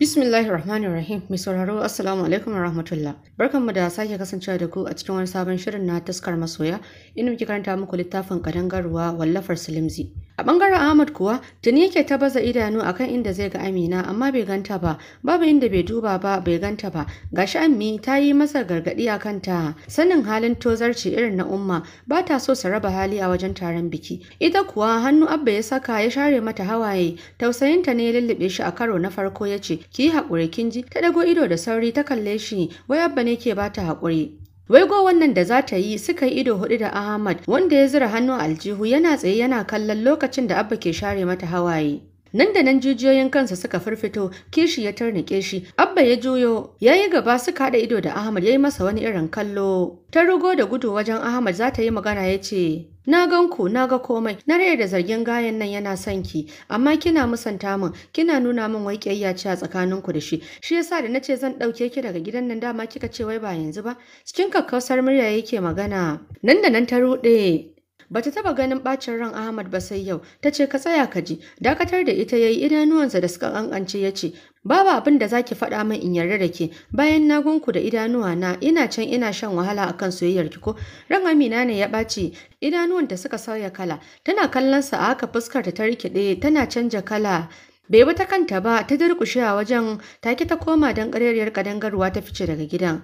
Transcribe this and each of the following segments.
Bismillahir Rahmanir Rahim. Mai sauraro Assalamu alaikum wa rahmatullah. Barkanmu da sake kasancewa da ku a cikin wani sabon shirin na taskar masoya. Ina muke karanta muku littafin kadangarwa wallafar Silimzi. A bangaren Ahmad kuwa tuni yake ta baza idanu akan inda zai ga Amina amma bai ganta ba, babu inda bai duba ba bai ganta ba. Gashi Ammi ta yi masa gargadi a kanta. Sanin halin tozarci irin na umma ba ta so su raba hali a wajen taron biki. Ita kuwa hannu Abba ya saka ya share mata hawaye, tausayinta ne ya lullube shi a karo na farko ya ce, "Ki yi haƙuri kin ji?" Ta dago ido da sauri ta kalle shi, wai Abba ne ke bata haƙuri. Waigo wannan da za ta yi suka yi ido hudu da Ahmad wanda ya zura hannu aljihu yana tsaye yana kallon lokacin da Abba ke share mata hawaye. Nan da nan jijiyoyin kansa suka firfito, kishi ya tarnike shi, abba ya juyo, ya yi gaba suka haɗa ido da Ahmad ya yi masa wani irin kallo. Ta rugo da gudu wajen Ahmad za ta yi magana ya ce, Na gan ku, na ga komai, na rai da zargin gayan nan yana son ki, amma kina musanta min, kina nuna min wai kiyayya ce a tsakanin ku da shi. Shi yasa da na ce zan ɗauke ki daga gidan nan dama kika ce wai ba yanzu ba. Cikin kakkausar murya yake magana. Nan da nan ta rude, bata taba ganin bacin ran Ahmad ba sai yau ta ce ka tsaya ka ji dakatar da ita yayi idanuwansa da suka kankance ya ce babu abin da zaki faɗa min in yarda da ke bayan na gunku da idanuwa na ina can ina shan wahala akan soyayyar ki ko ran Amina ne ya ɓaci idanuwanta suka sauya kala tana kallon sa a haka fuskar ta rikide tana canja kala bai bi ta kanta ba ta durkushe a wajen take ta koma don ƙarerriyar kadangarwa ta fice daga gidan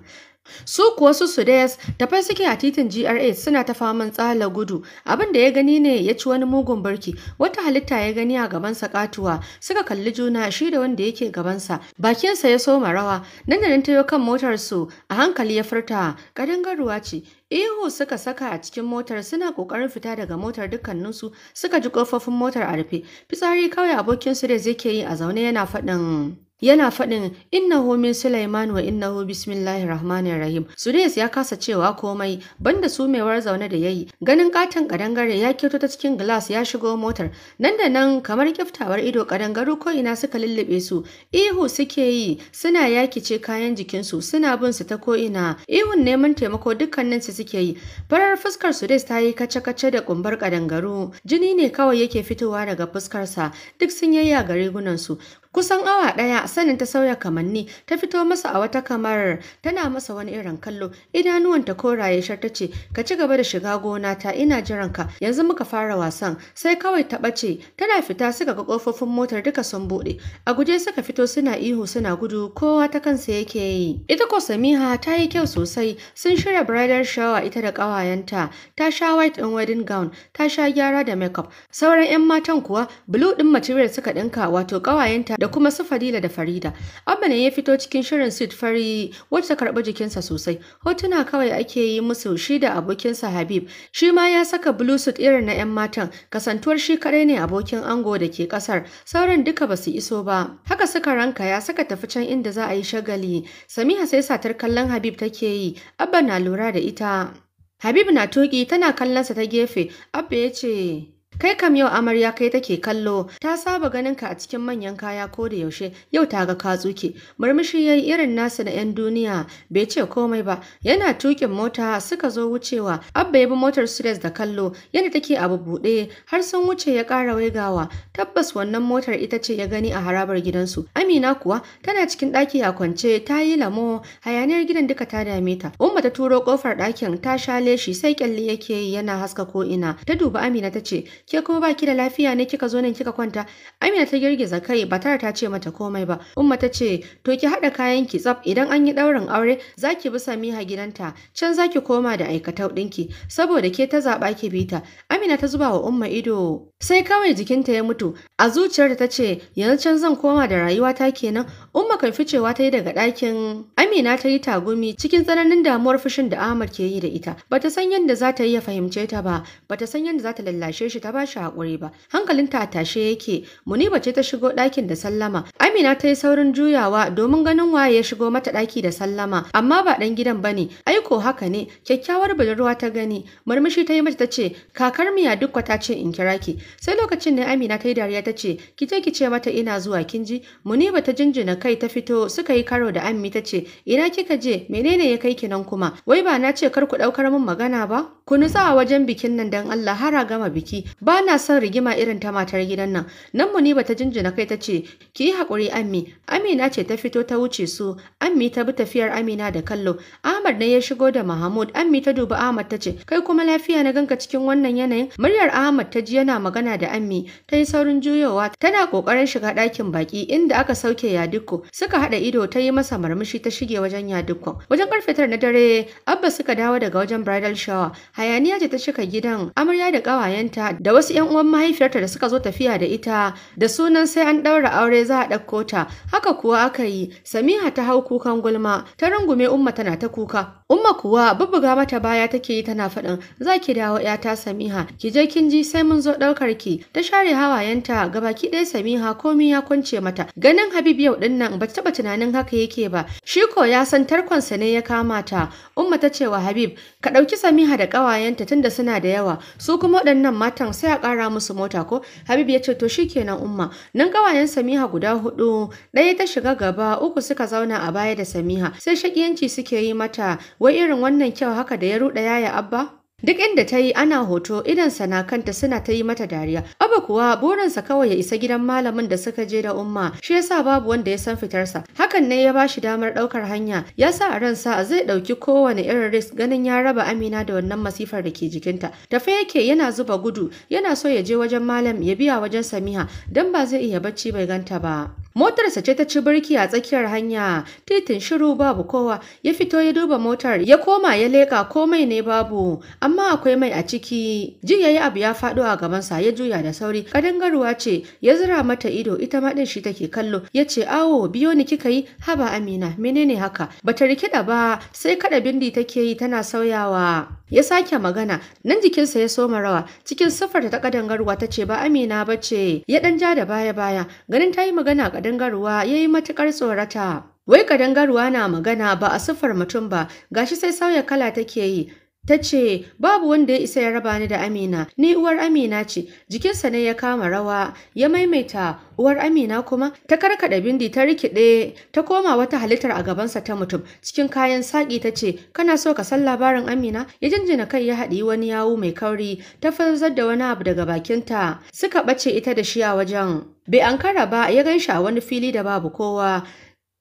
Su kuwa su Sudais tafai suke a titin GRA suna ta faman tsala gudu. Abin da ya gani ne ya ci wani mugun barki. Wata halitta ya gani a gabansa katuwa. Suka kalli juna shi da wanda yake gabansa. Bakinsa ya soma rawa. Nan da nan tayo kan motar su a hankali ya furta. garuwa ce. Ihu suka saka a cikin motar suna kokarin fita daga motar su suka ji kofofin motar a rufe. Fitsari kawai abokin su da zai ke yi a zaune yana faɗin. yana faɗin innahu min Sulaiman wa innahu bismillahir rahmanir rahim Sudais ya kasa cewa komai banda sumewar zaune da yayi ganin katon kadangare ya kirto ta cikin glass ya shigo motar nan da nan kamar kiftawar ido kadangaru ko ina suka lullube su ihu suke yi suna yakice kayan jikin su suna bin su ta ko ina ihun neman taimako dukkanin su suke yi farar fuskar Sudais ta yi kace kace da kumbar kadangaru jini ne kawai yake fitowa daga fuskar sa duk sun yayya ga gunan su Kusan awa ɗaya sanin ta sauya kamanni ta fito masa a wata kamarar tana masa wani irin kallo idanuwanta koraye shar ta ce ka ci gaba da shiga gona ta ina jiran ka yanzu muka fara wasan sai kawai ta ɓace tana fita suka ga kofofin motar duka sun buɗe a guje suka fito suna ihu suna gudu kowa ta kansa yake yi. Ita ko Samiha ta yi kyau sosai sun shirya bridal shower ita da kawayenta. ta sha white in wedding gown ta sha gyara da makeup sauran 'yan matan kuwa blue ɗin material suka ɗinka wato kawayenta. da kuma su Fadila da Farida. Abba ne ya fito cikin shirin suit fari wacce ta karɓi jikinsa sosai. Hotuna kawai ake yi musu shi da abokinsa Habib. Shi ma ya saka blue suit irin na 'yan matan, kasantuwar shi kaɗai ne abokin ango da ke ƙasar, sauran duka ba su iso ba. Haka suka ranka ya saka tafi can inda za a yi shagali. Samiha sai satar kallon Habib take yi, Abba na lura da ita. Habib na toki tana kallonsa ta gefe, Abba ya ce, Kai kam yau amarya kai take kallo, ta saba ganin ka a cikin manyan kaya ko da yaushe, yau ta ga ka tsuke. Murmushi yayi irin nasu na 'yan duniya, bai ce komai ba. Yana tukin mota suka zo wucewa, Abba ya bi motar Sudes da kallo, yadda take abu buɗe, har sun wuce ya ƙara waigawa. Tabbas wannan motar ita ce ya gani a harabar gidansu. Amina kuwa tana cikin ɗaki a kwance, ta yi lamo, hayaniyar gidan duka ta dame ta. Umma ta turo kofar ɗakin, ta sha leshi sai kyalle yake yana haska ko ina. Ta duba Amina ta ce, ke kuma baki da lafiya ne kika zo nan kika kwanta Amina ta girgiza kai ba tare ta ce mata komai ba Umma ta ce to ki hada kayan ki tsaf idan an yi daurin aure zaki bi Samiha gidanta can zaki koma da aikatau dinki saboda ke ta zaba ki bita Amina ta zuba wa Umma ido sai kawai jikinta ya mutu a zuciyarta ta ce yanzu can zan koma da rayuwa rayuwata kenan Umma kan ficewa ta yi daga ɗakin Amina ta yi tagumi cikin tsananin damuwar fushin da Ahmad ke yi da ita bata san yadda za ta yi ya fahimce ta ba bata san yadda za ta lallashe shi ta ba shi hakuri ba hankalinta a tashe yake muniba ce ta shigo ɗakin da sallama amina ta yi saurin juyawa domin ganin waye ya shigo mata ɗaki da sallama amma ba ɗan gidan ba ne aiko haka ne kyakkyawar budurwa ta gani murmushi ta yi mata ta ce kakar miya duk ta ce in kira ki sai lokacin ne amina ta yi dariya ta ce ki ki ce mata ina zuwa kin ji muniba ta jinjina kai ta fito suka yi karo da ammi ta ce ina kika je menene ya kai ki nan kuma wai ba na ce kar ku ɗaukar min magana ba ku nutsa a wajen bikin nan dan Allah har a gama biki ba na son rigima irin ta matar gidan nan nan mu ne ta jinjina kai ta ce ki yi haƙuri ammi amina ce ta fito ta wuce su ammi ta bi tafiyar amina da kallo ahmad ne ya shigo da mahmud ammi ta dubi ahmad ta ce kai kuma lafiya na ganka cikin wannan yanayin muryar ahmad ta ji yana magana da ammi ta yi saurin juyowa tana ƙoƙarin shiga ɗakin baƙi, inda aka sauke yadikko suka haɗa ido ta yi masa marmishi ta shige wajen yadikko wajen karfe tara na dare abba suka dawo daga wajen bridal shower hayaniya ce ta cika gidan amarya da ƙawayenta da wasu 'yan uwan mahaifiyarta da suka zo tafiya da ita da sunan sai an ɗaura aure za a ɗauko ta haka kuwa aka yi samiha ta hau kukan gulma ta rungume umma tana ta kuka Umma kuwa bubbuga mata baya take yi tana faɗin za ki dawo ta Samiha, ki je kin ji sai mun zo ɗaukar ki. Ta share hawayenta gabaki ɗaya Samiha komi ya kwance mata. Ganin Habib yau ɗin nan ba taɓa tunanin haka yake ba. Shi ko ya san tarkonsa ne ya kama ta. Umma ta ce wa Habib, ka ɗauki Samiha da ƙawayenta tunda suna da yawa. Su kuma waɗannan matan sai a ƙara musu mota ko? Habib ya ce to shikenan Umma. Nan ƙawayen Samiha guda huɗu, ɗaya ta shiga gaba, uku suka zauna a baya da Samiha. Sai shakiyanci suke yi mata wai irin wannan kyau haka da ya ruɗa yaya abba Duk inda ta yi ana hoto idan na kanta suna ta yi mata dariya. abba kuwa burinsa kawai ya isa gidan malamin da suka je da umma, shi yasa babu wanda ya san fitarsa. Hakan ne ya ba shi damar ɗaukar hanya, ya sa a ransa zai ɗauki kowane irin risk ganin ya raba Amina da wannan masifar da ke jikinta. Tafe yake yana zuba gudu, yana so ya je wajen malam ya biya wajen Samiha, don ba zai iya bacci bai ganta ba. Motarsa ce ta ci birki a tsakiyar hanya, titin shiru babu kowa, ya fito ya duba motar, ya koma ya leƙa komai ne babu, amma akwai mai a ciki. Ji yayi abu ya faɗo a gabansa ya juya da sauri, Ƙadangarwa ce, ya zira mata ido ita ma ɗin shi take kallo, ya ce awo biyo ni kika yi, haba Amina, menene haka? Bata rikida ba, sai kaɗa bindi take yi tana sauyawa. ya sake magana nan jikinsa ya soma rawa cikin siffar ta kadangarwa ta ce ba amina ba ce ya dan ja da baya baya ganin ta yi magana kadangarwa ya yi matukar tsorata wai kadangarwa na magana ba a siffar mutum ba gashi sai sauya kala take yi Ta ce, Babu wanda ya isa ya raba ni da Amina, ni uwar Amina ce, jikinsa ne ya kama rawa, ya maimaita uwar Amina kuma, ta karkaɗa bindi ta rikide, ta koma wata halittar a gabansa ta mutum, cikin kayan saƙi ta ce, Kana so ka san labarin Amina? Ya jinjina kai ya haɗi wani yawu mai kauri, ta fanzar da wani abu daga bakinta, suka ɓace ita da shi a wajen. Bai ankara ba, ya gan shi a wani fili da babu kowa,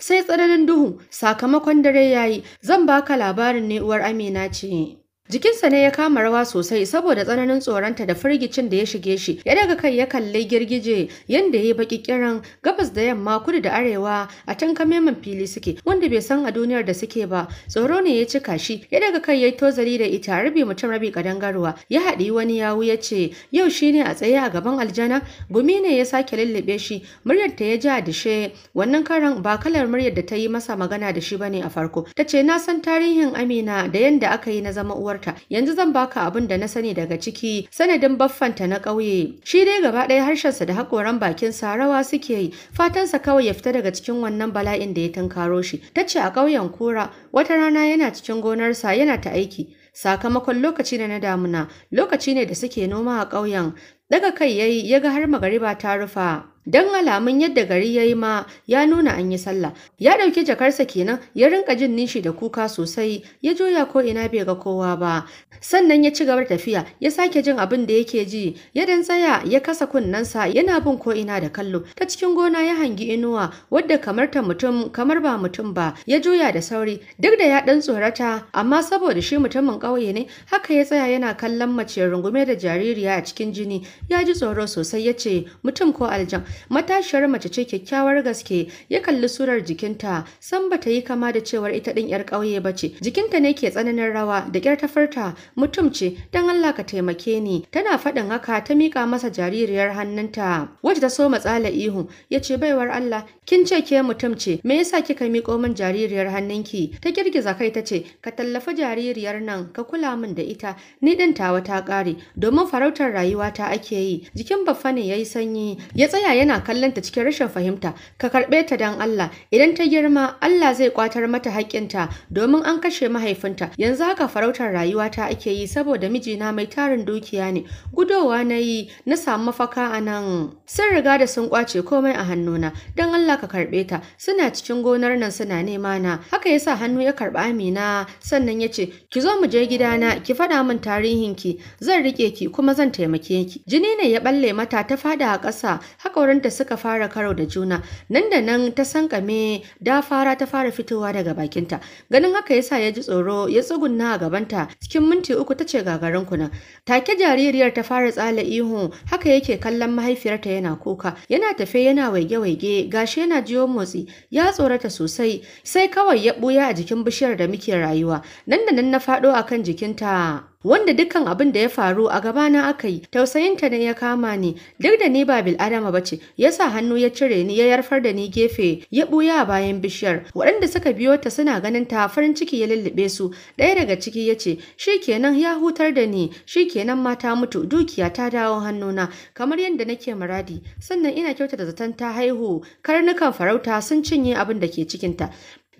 sai tsananin duhu sakamakon dare yayi zan baka labarin ne uwar amina ce Jikinsa ne ya kama rawa sosai saboda tsananin tsoronta da firgicin da ya shige shi. Ya daga kai ya kalli girgije yanda ya yi baki kiran gabas da yamma kudu da arewa a can kamemin fili suke wanda bai san a duniyar da suke ba. Tsoro ne ya cika shi. Ya daga kai ya yi tozali da ita rabi mutum rabi kadangarwa. Ya haɗi wani yawu ya ce yau shi ne a tsaye a gaban aljana. Gumi ne ya sake lullube shi. Muryarta ya ja dishe. Wannan karan ba kalar muryar da ta yi masa magana da shi bane a farko. Ta ce na san tarihin Amina da yanda aka yi na zama uwar mata yanzu zan baka abin da na sani daga ciki sanadin baffanta na ƙauye shi dai gaba ɗaya harshensa da haƙoran sa rawa suke yi fatansa kawai ya fita daga cikin wannan bala'in da ya tunkaro shi tace a ƙauyen kura wata rana yana cikin gonarsa yana ta aiki sakamakon lokaci ne na damuna lokaci ne da suke noma a ƙauyen daga kai yayi ya ga har magariba ta rufa don alamun yadda gari ya yi ma ya nuna an yi sallah ya ɗauki jakarsa kenan ya rinka jin nishi da kuka sosai ya juya ko ina bai ga kowa ba sannan ya ci gaba tafiya ya sake jin abin da yake ji ya dan tsaya ya kasa kunnensa yana bin ko ina da kallo ta cikin gona ya hangi inuwa wadda kamar ta mutum kamar ba mutum ba ya juya da sauri duk da ya ɗan tsorata amma saboda shi mutumin ƙauye ne haka ya tsaya yana kallon mace rungume da jaririya a cikin jini ya ji tsoro sosai ya ce mutum ko aljan matashiyar mace ce kyakkyawar gaske ya kalli surar jikinta san bata yi kama da cewar ita din yar ƙauye bace jikinta ne ke tsananin rawa da kyar ta farta mutum ce dan Allah ka taimake ni tana faɗin haka ta mika masa jaririyar hannunta wacce ta so matsala ihu yace baiwar Allah kin ce ke mutum ce me yasa kika miko min jaririyar hannunki ta girgiza kai ta ce, ka tallafa jaririyar nan ka kula min da ita ni din tawa ta ƙare domin farautar rayuwa ta ake yi jikin baffa ne yayi sanyi ya tsaya yana kallon cikin rashin fahimta ka karɓe ta dan Allah idan ta girma Allah zai kwatar mata haƙƙinta domin an kashe mahaifinta yanzu haka farautar rayuwata ake yi saboda mijina mai tarin dukiya ne gudowa na yi na samu mafaka a nan sun riga da sun kwace komai a hannuna dan Allah ka karɓe ta suna cikin gonar nan suna nema na haka yasa hannu ya karɓi Amina sannan ya ce ki zo mu je gidana ki faɗa min tarihin ki. zan riƙe ki kuma zan taimake ki jini ne ya balle mata ta faɗa a ƙasa haka da suka fara karo da juna nan da nan ta sankame da fara ta fara fitowa daga bakinta ganin haka yasa ya ji tsoro ya tsugunna a gabanta cikin minti uku ta ce gagarin kuna take jaririyar ta fara tsala ihu haka yake kallon mahaifiyarta yana kuka yana tafe yana waige-waige gashi yana jiyo motsi ya tsorata sosai sai kawai ya buya a jikin bishiyar da muke rayuwa nan da nan na faɗo akan jikinta wanda dukkan abin da ya faru a gaba na aka yi tausayinta ne ya kama ni duk da ni ba bil'adama ba ce. ya sa hannu ya cire ni ya yarfar da ni gefe ya buya a bayan bishiyar waɗanda suka biyo ta suna ganin ta farin ciki ya lullube su ɗaya daga ciki ya ce kenan ya hutar da ni shi kenan mata mutu dukiya ta dawo hannuna kamar yadda nake muradi sannan ina kyautata zaton ta haihu karnukan farauta sun cinye abin da ke cikinta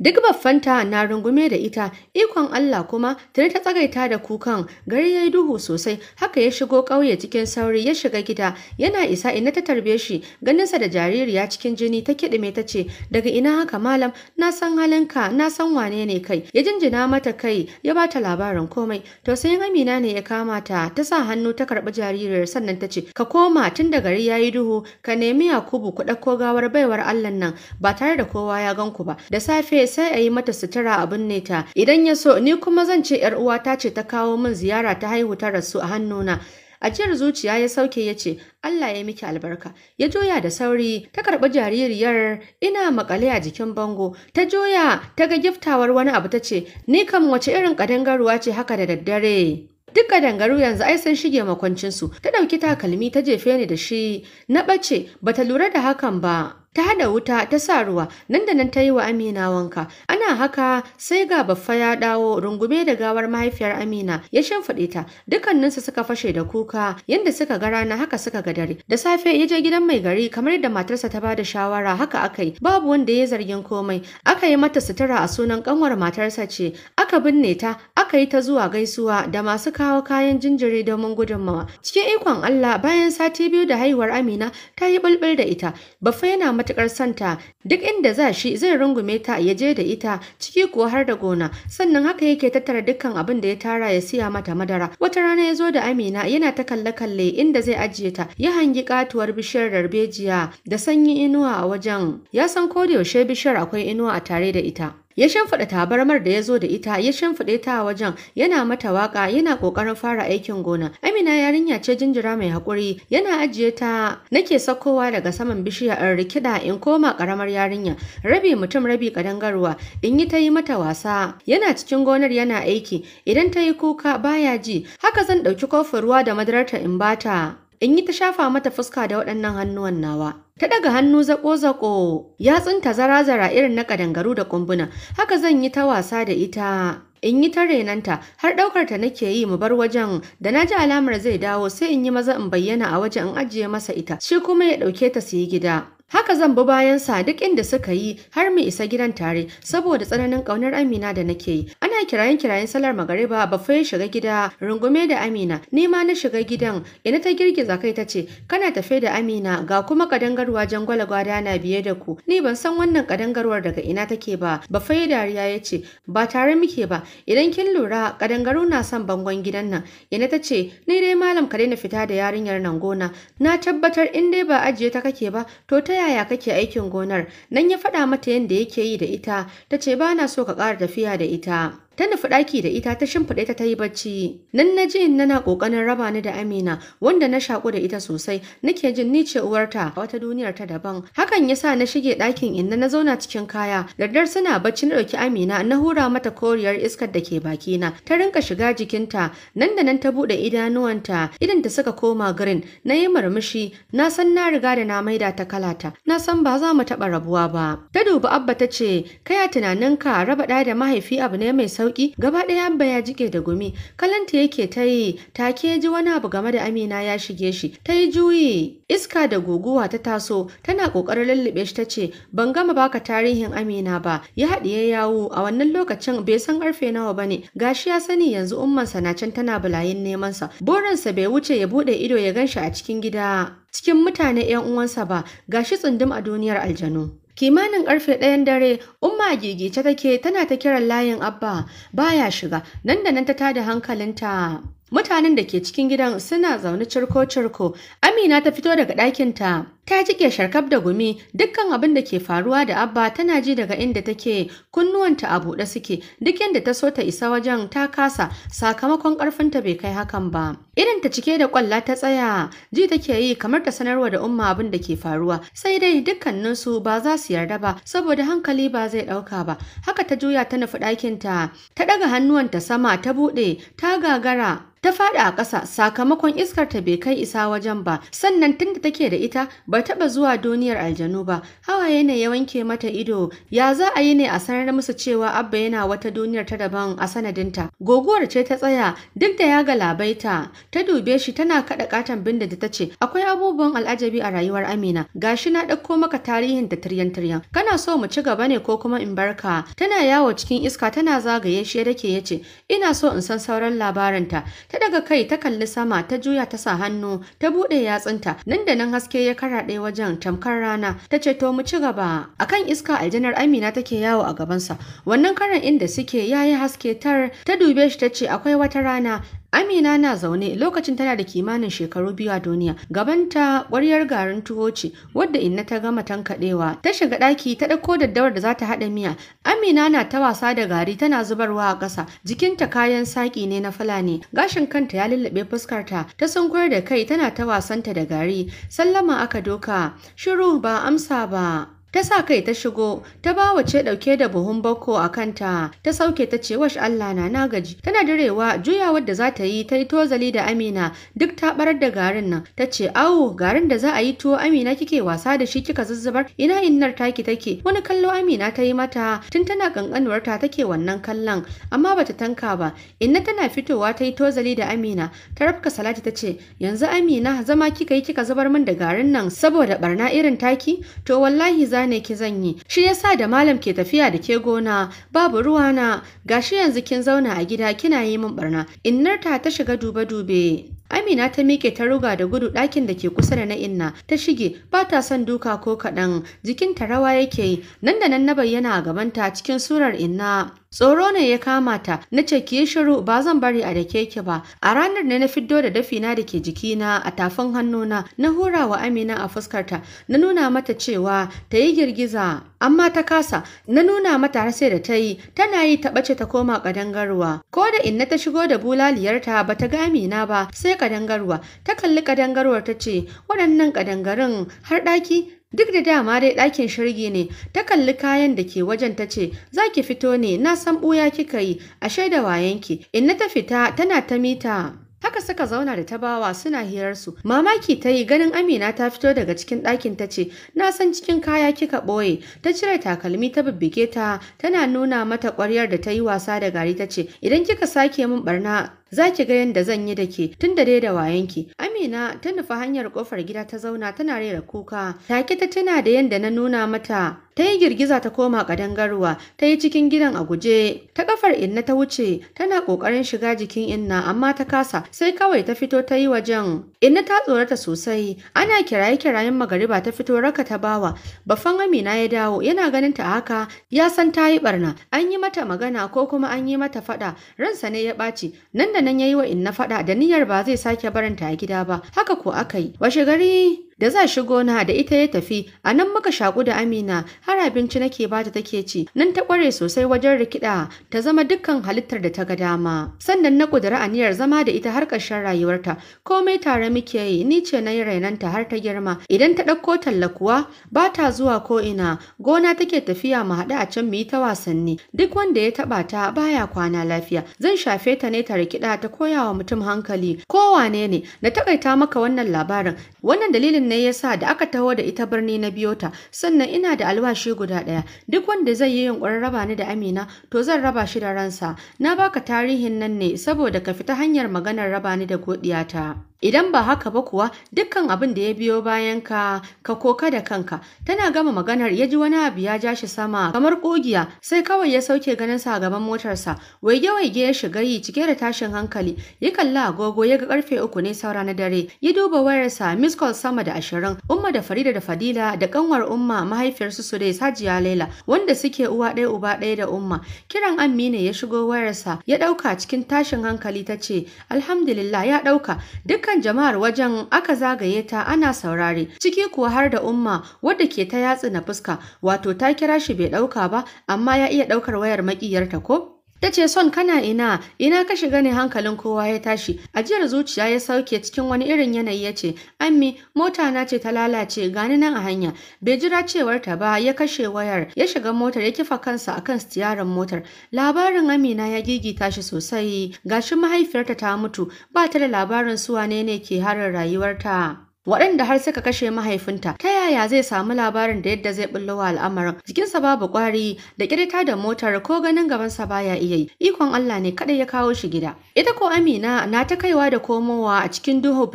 Duk baffanta na rungume da ita, ikon Allah kuma tare ta tsagaita da kukan gari ya yi duhu sosai, haka ya shigo ƙauye cikin sauri ya shiga gida, yana isa ina ta tarbe shi, ganinsa da jaririya cikin jini ta kiɗime ta ce, daga ina haka malam, na san halinka, na san wane ne kai, ya jinjina mata kai, ya ba ta labarin komai, to tausayin Amina ne ya kama ta, ta sa hannu ta karɓi jaririyar sannan ta ce, ka koma tun da gari ya yi duhu, ka nemi Yakubu ku ɗauko gawar baiwar Allah nan ba tare da kowa ya ganku ba, da safe sai a yi mata sutura a binne ta idan ya so ni kuma zan ce yar uwata ce ta kawo min ziyara ta haihu ta rasu a hannuna A ajiyar zuciya ya sauke ya ce Allah ya miki albarka ya joya da sauri ta karɓi jaririyar ina makale a jikin bango ta joya ta ga giftawar wani abu ta ce ni kam wace irin kadangaruwa ce haka da daddare Duk kadangaru yanzu ai sun shige makwancinsu ta ɗauki takalmi ta jefe ni da shi na ɓace bata lura da hakan ba ta haɗa wuta ta sa ruwa nan da nan ta yi wa amina wanka ana haka sai ga baffa ya dawo rungume da gawar mahaifiyar amina ya shimfiɗe ta dukkaninsu suka fashe da kuka yanda suka ga rana haka suka ga dare da safe ya je gidan mai gari kamar yadda matarsa ta bada shawara haka aka yi babu wanda ya zargin komai aka yi mata sutura a sunan kanwar matarsa ce aka binne ta aka yi ta zuwa gaisuwa da masu kawo kayan jinjiri domin gudunmawa cikin ikon Allah bayan sati biyu da haihuwar Amina ta yi bulbul da ita baffa yana matuƙar santa duk inda za shi zai rungume ta ya je da ita ciki kuwa har da gona sannan haka yake tattara dukkan abin da ya tara ya siya mata madara wata rana ya zo da Amina yana ta kalle-kalle inda zai ajiye ta ya hangi katuwar bishiyar darbejiya da sanyi inuwa a wajen ya san ko da yaushe bishiyar akwai inuwa a tare da ita ya shimfiɗa tabarmar da ya zo da ita ya shimfiɗe ta a wajen yana mata waƙa. yana ƙoƙarin fara aikin gona amina yarinya ce jinjira mai haƙuri yana ajiye ta nake sakowa daga saman bishiya in rikida in koma ƙaramar yarinya rabi mutum rabi ƙadangarwa, in yi ta yi mata wasa yana cikin gonar yana aiki idan ta yi kuka baya ji haka zan ɗauki kofin ruwa da madararta in bata in yi ta shafa mata fuska da waɗannan hannuwan nawa Ta daga hannu zaƙo-zaƙo, tsinta zara-zara irin na ƙadangaru da kumbuna, haka zan yi ta wasa da ita. In yi ta renanta har ɗaukar ta nake yi mu bar wajen da na ji alamar zai dawo sai in yi maza in bayyana a wajen in ajiye masa ita shi kuma ya ɗauke ta su yi gida. Haka zan bi bayan sa duk inda suka yi har mu isa gidan tare saboda tsananin ƙaunar Amina da nake yi. Ana kirayen kirayen salar magariba fa ya shiga gida rungume da Amina. Ni ma na shiga gidan ina ta girgiza kai ta ce kana tafe da Amina ga kuma kadangarwa gwada na biye da ku. Ni ban san wannan kadangarwar daga ina take ba. fa yi dariya ya ce ba tare muke ba idan kin lura kadangaru na son bangon gidan nan. Ina ta ce ni dai malam ka na fita da yarinyar nan gona. Na tabbatar in dai ba ajiye ta kake ba to ta yaya kake aikin gonar nan ya faɗa mata yadda yake yi da ita ta ce ba na so ka ƙara tafiya da ita ta nufi ɗaki da ita ta shimfiɗe ta ta yi bacci nan na ji nana ƙoƙarin raba ni da amina wanda na shaƙu da ita sosai nake jin ni ce uwarta a wata duniyar ta daban hakan yasa na shige ɗakin in na zauna cikin kaya daddar suna bacci na ɗauki amina na hura mata koriyar iskar da ke bakina ta rinka shiga jikinta nan da nan ta buɗe idanuwanta idan ta suka koma green na yi murmushi na san na riga da na maida ta kalata na san ba za mu taɓa rabuwa ba ta dubi abba ta ce tunanin tunaninka raba ɗaya da mahaifi abu ne mai sauƙi sauki gaba ɗaya ba ya jike da gumi kalanta yake ta yi take ya ji wani abu game da amina ya shige shi ta yi juyi iska da guguwa ta taso tana ƙoƙarin lullube shi ta ce ban gama baka tarihin amina ba ya haɗiye yawo a wannan lokacin bai san karfe nawa ba ne gashi ya sani yanzu ummansa na can tana bulayin nemansa burinsa bai wuce ya buɗe ido ya gan shi a cikin gida cikin mutane 'yan uwansa ba gashi tsundum a duniyar aljanu kimanin karfe ɗayan dare umma ta take tana ta kiran layin abba baya shiga nan da nan ta tada hankalinta Mutanen da ke cikin gidan suna zaune cirko-cirko. Amina ta fito daga ɗakinta. Ta jike sharkaf da gumi dukkan abin da ke faruwa da Abba tana ji daga inda take kunnuwanta a buɗe suke duk yadda ta so ta isa wajen ta kasa sakamakon ƙarfinta bai kai hakan ba. Irin ta cike da ƙwalla ta tsaya ji take yi kamar ta sanarwa da umma abin da ke faruwa sai dai dukkaninsu ba za su yarda ba saboda hankali ba zai ɗauka ba. Haka ta juya ta nufi ɗakinta ta ɗaga hannuwanta sama ta buɗe ta gagara ta faɗi a ƙasa sakamakon iskar ta bai kai isa wajen ba sannan tunda take da ita ba taɓa zuwa duniyar aljanu ba hawaye ne ya wanke mata ido ya za a yi ne a sanar musu cewa abba yana wata duniyar ta daban a sanadinta goguwar ce ta tsaya duk da ya ga labaita, ta dube shi tana kaɗa katon binda da ta ce akwai abubuwan al'ajabi a rayuwar amina gashi na ɗauko maka tarihin ta tiryan tiryan kana so mu ci gaba ne ko kuma in barka tana yawo cikin iska tana zagaye shi ya dake ya ce ina so in san sauran labarinta ta daga kai ta kalli sama ta juya ta sa hannu ta buɗe yatsunta nan da nan haske ya karaɗe wajen tamkar rana ta ce to mu ci gaba akan iska aljanar amina take yawo a gabansa wannan karan inda suke yayi haske tar ta dube shi ta ce akwai wata rana Amina na zaune lokacin tana da kimanin shekaru biyu a duniya. Gabanta ƙwaryar garin tuwo ce wadda inna ta gama tankaɗewa. Ta shiga ɗaki ta ɗauko daddawar da za ta haɗa miya. Amina na ta wasa da gari tana zubarwa a ƙasa. Jikinta kayan saƙi ne na fulani. Gashin kanta ya lullube fuskarta. Ta sunkuyar da kai tana ta wasanta da gari. Sallama aka doka. Shiru ba amsa ba. ta sa kai ta shigo ta ba ce dauke da buhun bako a kanta ta sauke ta ce wash Allah na na gaji tana direwa juya da za ta yi ta yi tozali da Amina duk ta barar da garin nan ta ce awo garin da za a yi tuwo Amina kike wasa da shi kika zuzzubar ina innar taki take wani kallo Amina ta yi mata tun tana kankanuwar ta take wannan kallon amma bata tanka ba inna tana fitowa ta yi tozali da Amina ta rafka Salati ta ce yanzu Amina zama kika yi kika zubar min da garin nan saboda barna irin taki to wallahi za gane ki zan yi shi yasa da malam ke tafiya da ke gona babu ruwa na shi yanzu kin zauna a gida kina yi min barna innar ta ta shiga dube dube Amina ta miƙe ta ruga da gudu ɗakin da ke kusa da na inna ta shige ba ta son duka ko kaɗan jikinta rawa yake yi nan da nan na bayyana a gabanta cikin surar inna Tsoro ne ya kama ta, na ce ki shiru ba zan bari a da keke ba. A ranar ne na fiddo da dafina da ke jikina a tafin hannuna, na hura wa Amina a fuskarta, na nuna mata cewa ta yi girgiza amma ta kasa na nuna mata har sai da ta yi tana yi ta bace ta koma ƙadangarwa. ko da inna ta shigo da bulaliyarta ba ta gami na ba sai ƙadangarwa. ta kalli ƙadangarwar, ta ce waɗannan kadangarin har ɗaki Duk da dama dai ɗakin shirgi ne, ta kalli kayan da ke wajen ta ce, za ki fito ne, na san ɓuya kika yi, a shaida wayanki, in ta fita tana ta mita Haka suka zauna da tabawa suna hirar hirarsu. Mamaki ta yi ganin Amina ta fito daga cikin ɗakin ta ce, Na san cikin kaya kika ɓoye. Ta cire takalmi ta bibbige ta, tana nuna mata ƙwaryar da ta yi wasa da gari ta ce, Idan kika sake min barna za ki ga yadda zan yi da ke tun da dai da wayan ki. amina ta nufa hanyar kofar gida ta zauna tana rera kuka take ta tuna da yadda na nuna mata ta yi girgiza ta koma kadangarwa ta yi cikin gidan a guje ta kafar inna ta wuce tana kokarin shiga jikin inna amma ta kasa sai kawai ta fito ta yi wajen inna ta tsorata sosai ana kiraye kirayen magariba ta fito raka ta bawa bafan amina ya dawo yana ganin ta haka ya san ta yi barna an yi mata magana ko kuma an yi mata fada ransa ne ya ɓaci nan da nan yayi yi wa inna faɗa da niyyar ba zai sake barinta a gida ba haka ko aka yi washe gari da za shi gona da ita ya tafi a nan muka shaku da amina har abinci nake bata take ci nan ta kware sosai wajen rikida ta zama dukkan halittar da ta ga dama sannan na kudura aniyar zama da ita har ƙarshen rayuwarta komai tare muke yi ni ce na yi rainanta har ta girma idan ta ɗauko talla kuwa ba ta zuwa ko ina gona take tafiya mu haɗu a can mu yi ta wasanni duk wanda ya taɓa ta baya kwana lafiya zan shafe ta ne ta rikida ta koya wa mutum hankali wane ne na takaita maka wannan labarin wannan dalilin Dalilin ne yasa da aka taho da ita birni na biyo ta, sannan ina da alwashi guda ɗaya. Duk wanda zai yi yunƙurin raba ni da Amina, to zan raba shi da ransa. Na baka tarihin nan ne saboda ka fita hanyar maganar raba ni da godiyata. idan ba haka ba kuwa dukkan abin da ya biyo bayan ka ka koka da kanka tana gama maganar ya ji wani abu ya ja shi sama kamar kogiya sai kawai ya sauke ganin sa gaban motarsa waige waige ya shiga yi cike da tashin hankali ya kalla agogo ya ga karfe uku ne saura na dare ya duba wayarsa miss call sama da ashirin umma da farida da fadila da kanwar umma mahaifiyarsu su dai sajiya laila wanda suke uwa ɗaya uba ɗaya da umma kiran amina ya shigo wayarsa ya ɗauka cikin tashin hankali ta ce alhamdulillah ya ɗauka dukkan kan jama'ar wajen aka zagaye ta ana saurare ciki kuwa har da umma wadda ke ta yatsu na fuska wato ta kira shi bai ɗauka ba amma ya iya ɗaukar wayar makiyarta ko Ta ce son kana ina, ina ka shiga ne hankalin kowa ya tashi. Ajiyar zuciya ya sauke cikin wani irin yanayi ya ce, Ammi, mota na ce ta lalace gani nan a hanya. Bai jira cewar ta ba ya kashe wayar, ya shiga motar ya kifa kansa a kan stiyarin motar. Labarin Amina ya gigita shi sosai, gashi mahaifiyarta ta mutu, ba ta da labarin su wane ne ke harin rayuwarta. waɗanda har suka kashe mahaifinta ta yaya zai samu labarin da yadda zai bullo wa al'amarin jikinsa babu ƙwari da kirita da motar ko ganin gabansa baya iya yi ikon Allah ne kaɗai ya kawo shi gida ita ko Amina na ta kaiwa da komowa a cikin duhu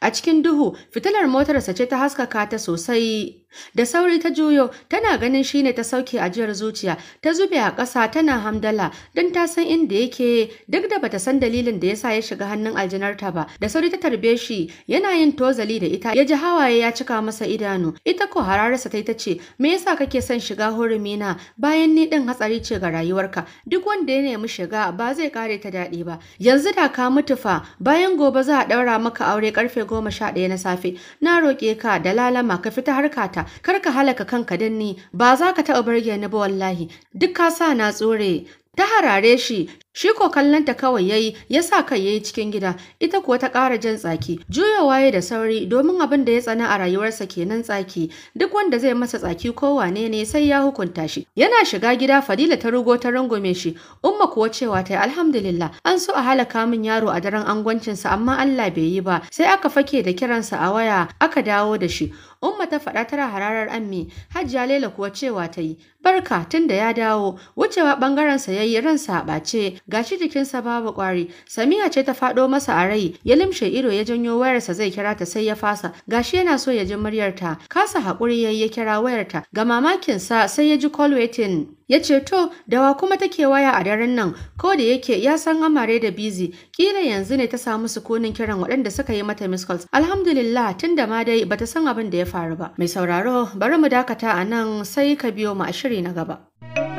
a cikin duhu fitilar motarsa ce ta haskaka ta sosai Da sauri ta juyo, tana ganin shi ne ta sauke ajiyar zuciya, ta zube a ƙasa tana hamdala don ta san inda yake duk da bata san dalilin da yasa ya shiga hannun aljinarta ba. Da sauri ta tarbe shi, yana yin tozali da ita, ya ji hawaye ya cika masa idanu. Ita ko hararsa ta ita ce, me yasa kake son shiga hurumi na bayan ni ɗin hatsari ce ga rayuwarka. Duk wanda ya nemi shiga ba zai kare ta daɗi ba. Yanzu da ka mutu fa, bayan gobe za a ɗaura maka aure ƙarfe goma sha ɗaya na safe. Na roƙe ka da lalama ka fita harkata. kar ka halaka kanka danni ba za ka taɓa burge ni ba wallahi duk ka sa na tsore ta harare shi shi ko kallonta kawai yayi ya sa kai yayi cikin gida ita kuwa ta ƙara jan tsaki juyawa ya da sauri domin abin da ya tsana a rayuwarsa kenan tsaki duk wanda zai masa tsaki ko wane ne sai ya hukunta shi yana shiga gida Fadila ta rugo ta rungume shi umma kuwa cewa ta alhamdulillah an so a halaka min yaro a daren angwancinsa amma Allah bai yi ba sai aka fake da kiransa a waya aka dawo da shi Umma ta faɗa tara hararar ammi, Hajiya Laila kuwa cewa ta yi, barka tunda ya dawo, wucewa ɓangarensa ya yi ransa a ɓace, gashi jikinsa babu ƙwari. Samiya ce ta faɗo masa a rai, ya limshe ido ya janyo wayarsa zai kira ta sai ya fasa, gashi yana so ya ji muryarta, kasa haƙuri ya yi ya kira wayarta, ga mamakinsa sai ya ji call waiting ya ce to dawa kuma take waya a daren nan ko da yake ya san amare da bizi kila yanzu ne ta samu sukunin kiran waɗanda suka yi mata miss calls alhamdulillah da ma dai bata san abin da ya faru ba mai sauraro bari mu dakata a nan sai ka biyo mu a shiri na gaba.